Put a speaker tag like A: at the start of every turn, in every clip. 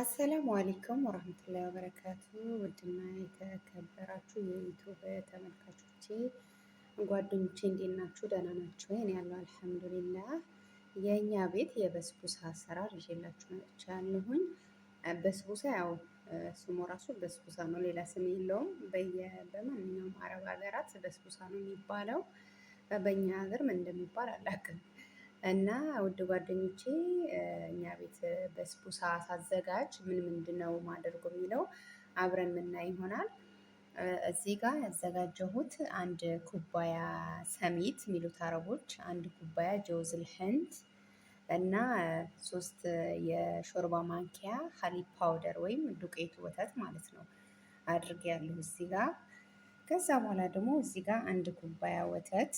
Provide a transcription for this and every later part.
A: አሰላሙ አሌይኩም ወረህመቱላሂ ወበረካቱ። ውድና የተከበራችሁ የዩቱብ ተመልካቾቼ ጓደኞቼ እንዴት ናችሁ? ደህና ናችሁ? እኔ ያለው አልሐምዱሊላህ። የእኛ ቤት የበስቡሳ አሰራር ይዤላችሁ መጥቻለሁኝ። በስቡሳ ያው ስሙ ራሱ በስቡሳ ነው፣ ሌላ ስም የለውም። በማንኛውም አረብ ሀገራት በስቡሳ ነው የሚባለው። በእኛ ሀገር እንደሚባል አላውቅም። እና ውድ ጓደኞቼ እኛ ቤት በስቡሳ ሳዘጋጅ ምን ምንድን ነው ማደርጎ የሚለው አብረን ምና ይሆናል። እዚህ ጋር ያዘጋጀሁት አንድ ኩባያ ሰሚት የሚሉት አረቦች፣ አንድ ኩባያ ጀውዝል ህንድ እና ሶስት የሾርባ ማንኪያ ሀሊ ፓውደር ወይም ዱቄቱ ወተት ማለት ነው አድርጌ ያለሁ እዚህ ጋር። ከዛ በኋላ ደግሞ እዚህ ጋር አንድ ኩባያ ወተት፣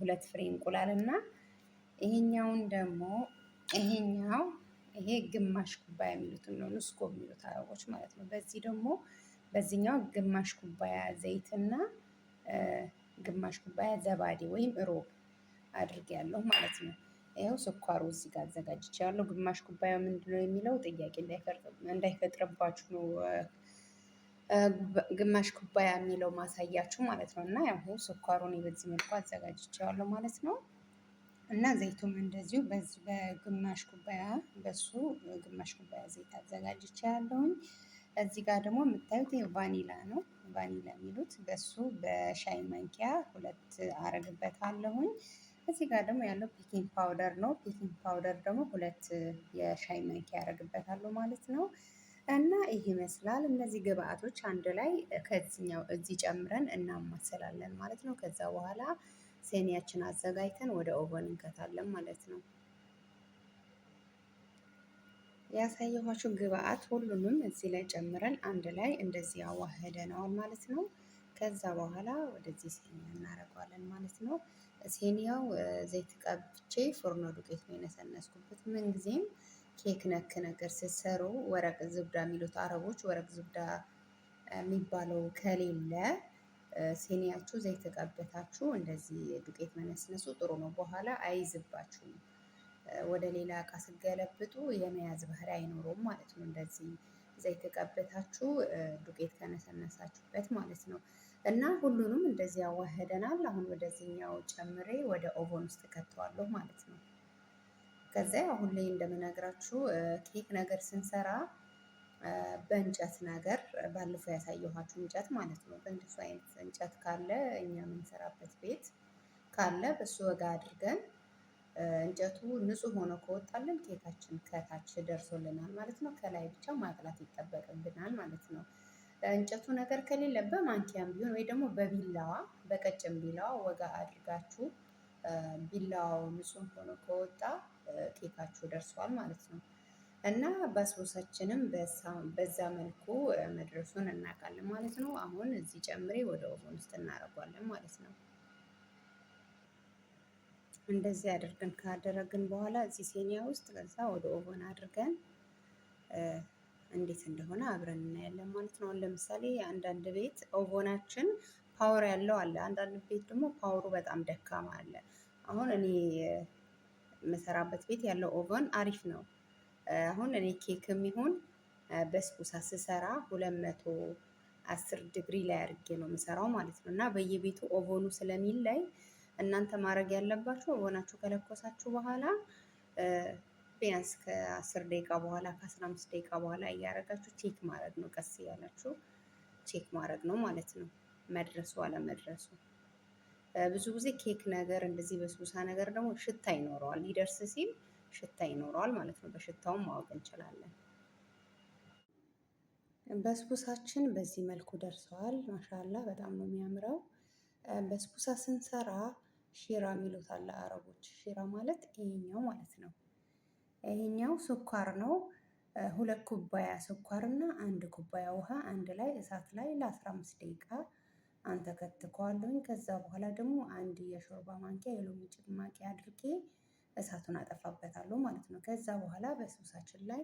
A: ሁለት ፍሬ እንቁላል እና ይሄኛውን ደግሞ ይሄኛው ይሄ ግማሽ ኩባያ የሚሉትን ነው ሉስኮ የሚሉት አረቦች ማለት ነው። በዚህ ደግሞ በዚህኛው ግማሽ ኩባያ ዘይትና ግማሽ ኩባያ ዘባዴ ወይም ሮብ አድርጌያለሁ ማለት ነው። ይኸው ስኳሩ እዚህ ጋር አዘጋጅቻለሁ። ግማሽ ኩባያ ምንድነው የሚለው ጥያቄ እንዳይፈጥርባችሁ ነው ግማሽ ኩባያ የሚለው ማሳያችሁ ማለት ነው። እና ያው ስኳሩን በዚህ መልኩ አዘጋጅቻለሁ ማለት ነው። እና ዘይቱም እንደዚሁ በዚህ በግማሽ ኩባያ በሱ ግማሽ ኩባያ ዘይት አዘጋጅቼ ያለውኝ። እዚህ ጋር ደግሞ የምታዩት ቫኒላ ነው ቫኒላ የሚሉት በሱ በሻይ መንኪያ ሁለት አለሁኝ። እዚህ ጋር ደግሞ ያለው ፒኪንግ ፓውደር ነው። ፒኪንግ ፓውደር ደግሞ ሁለት የሻይ መንኪያ ያደርግበታሉ ማለት ነው። እና ይህ ይመስላል። እነዚህ ግብአቶች አንድ ላይ ከዚኛው እዚህ ጨምረን እናማሰላለን ማለት ነው። ከዛ በኋላ ሴኒያችን አዘጋጅተን ወደ ኦቨን እንከታለን ማለት ነው። ያሳየኋችሁ ግብአት ሁሉንም እዚህ ላይ ጨምረን አንድ ላይ እንደዚህ አዋህደነዋል ማለት ነው። ከዛ በኋላ ወደዚህ ሴኒያ እናደርገዋለን ማለት ነው። ሴኒያው ዘይት ቀብቼ ፎርኖ ዱቄት ነው የነሰነስኩበት። ምንጊዜም ኬክ ነክ ነገር ስትሰሩ ወረቅ ዝብዳ የሚሉት አረቦች ወረቅ ዝብዳ የሚባለው ከሌለ ሲኒያችሁ ዘይት ተቀብታችሁ እንደዚህ ዱቄት መነስነሱ ጥሩ ነው። በኋላ አይዝባችሁም። ወደ ሌላ እቃ ስገለብጡ የመያዝ ባህሪ አይኖረውም ማለት ነው። እንደዚህ ዘይት ቀብታችሁ ዱቄት ከነሰነሳችሁበት ማለት ነው። እና ሁሉንም እንደዚህ ያዋህደናል። አሁን ወደዚህኛው ጨምሬ ወደ ኦቨን ውስጥ ከተዋለሁ ማለት ነው። ከዚያ አሁን ላይ እንደምነግራችሁ ኬክ ነገር ስንሰራ በእንጨት ነገር ባለፈው ያሳየኋችሁ እንጨት ማለት ነው። በእንደሱ አይነት እንጨት ካለ እኛ የምንሰራበት ቤት ካለ በሱ ወጋ አድርገን እንጨቱ ንጹህ ሆኖ ከወጣልን ኬካችን ከታች ደርሶልናል ማለት ነው። ከላይ ብቻ ማቅላት ይጠበቅብናል ማለት ነው። እንጨቱ ነገር ከሌለ በማንኪያም ቢሆን ወይ ደግሞ በቢላዋ በቀጭን ቢላዋ ወጋ አድርጋችሁ ቢላዋው ንጹህ ሆኖ ከወጣ ኬካችሁ ደርሷል ማለት ነው። እና በሶሳችንም በዛ መልኩ መድረሱን እናውቃለን ማለት ነው። አሁን እዚህ ጨምሬ ወደ ኦቨን ውስጥ እናደርጓለን ማለት ነው። እንደዚህ አድርገን ካደረግን በኋላ እዚህ ሴኒያ ውስጥ ከዛ ወደ ኦቨን አድርገን እንዴት እንደሆነ አብረን እናያለን ማለት ነው። ለምሳሌ አንዳንድ ቤት ኦቨናችን ፓወር ያለው አለ፣ አንዳንድ ቤት ደግሞ ፓወሩ በጣም ደካማ አለ። አሁን እኔ የምሰራበት ቤት ያለው ኦቨን አሪፍ ነው። አሁን እኔ ኬክ የሚሆን በስቡሳ ስሰራ ሁለት መቶ አስር ድግሪ ላይ አድርጌ ነው የምሰራው ማለት ነው። እና በየቤቱ ኦቨኑ ላይ እናንተ ማድረግ ያለባችሁ ኦቨናችሁ ከለኮሳችሁ በኋላ ቢያንስ ከአስር ደቂቃ በኋላ ከአስራ አምስት ደቂቃ በኋላ እያደረጋችሁ ቼክ ማድረግ ነው። ቀስ እያላችሁ ቼክ ማድረግ ነው ማለት ነው፣ መድረሱ አለመድረሱ። ብዙ ጊዜ ኬክ ነገር እንደዚህ በስቡሳ ነገር ደግሞ ሽታ ይኖረዋል ሊደርስ ሲል ሽታ ይኖረዋል ማለት ነው። በሽታውም ማወቅ እንችላለን። በስቡሳችን በዚህ መልኩ ደርሰዋል። ማሻላ በጣም ነው የሚያምረው። በስቡሳ ስንሰራ ሺራ ሚሉታል አረቦች። ሺራ ማለት ይሄኛው ማለት ነው። ይሄኛው ስኳር ነው። ሁለት ኩባያ ስኳር እና አንድ ኩባያ ውሃ አንድ ላይ እሳት ላይ ለ15 ደቂቃ አንተከትከዋለሁኝ። ከዛ በኋላ ደግሞ አንድ የሾርባ ማንኪያ የሎሚ ጭማቂ አድርጌ እሳቱን አጠፋበታለሁ ማለት ነው። ከዛ በኋላ በሱሳችን ላይ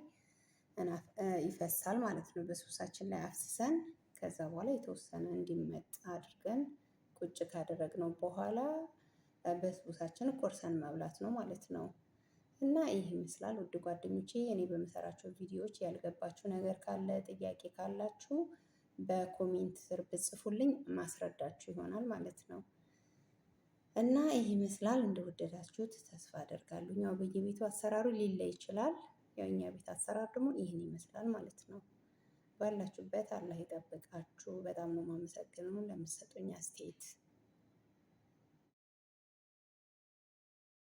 A: ይፈሳል ማለት ነው። በሱሳችን ላይ አፍስሰን ከዛ በኋላ የተወሰነ እንዲመጥ አድርገን ቁጭ ካደረግነው በኋላ በሱሳችን ቆርሰን መብላት ነው ማለት ነው። እና ይህ ይመስላል ውድ ጓደኞቼ፣ እኔ በምሰራቸው ቪዲዮዎች ያልገባችሁ ነገር ካለ ጥያቄ ካላችሁ በኮሜንት ስር ብጽፉልኝ ማስረዳችሁ ይሆናል ማለት ነው። እና ይህ ይመስላል። እንደወደዳችሁት ተስፋ አደርጋለሁ። ያው በየቤቱ አሰራሩ ሊለይ ይችላል። ያው እኛ ቤት አሰራር ደግሞ ይህን ይመስላል ማለት ነው። ባላችሁበት አላህ ይጠብቃችሁ። በጣም ነው የማመሰግነው ለምትሰጡኝ አስተያየት።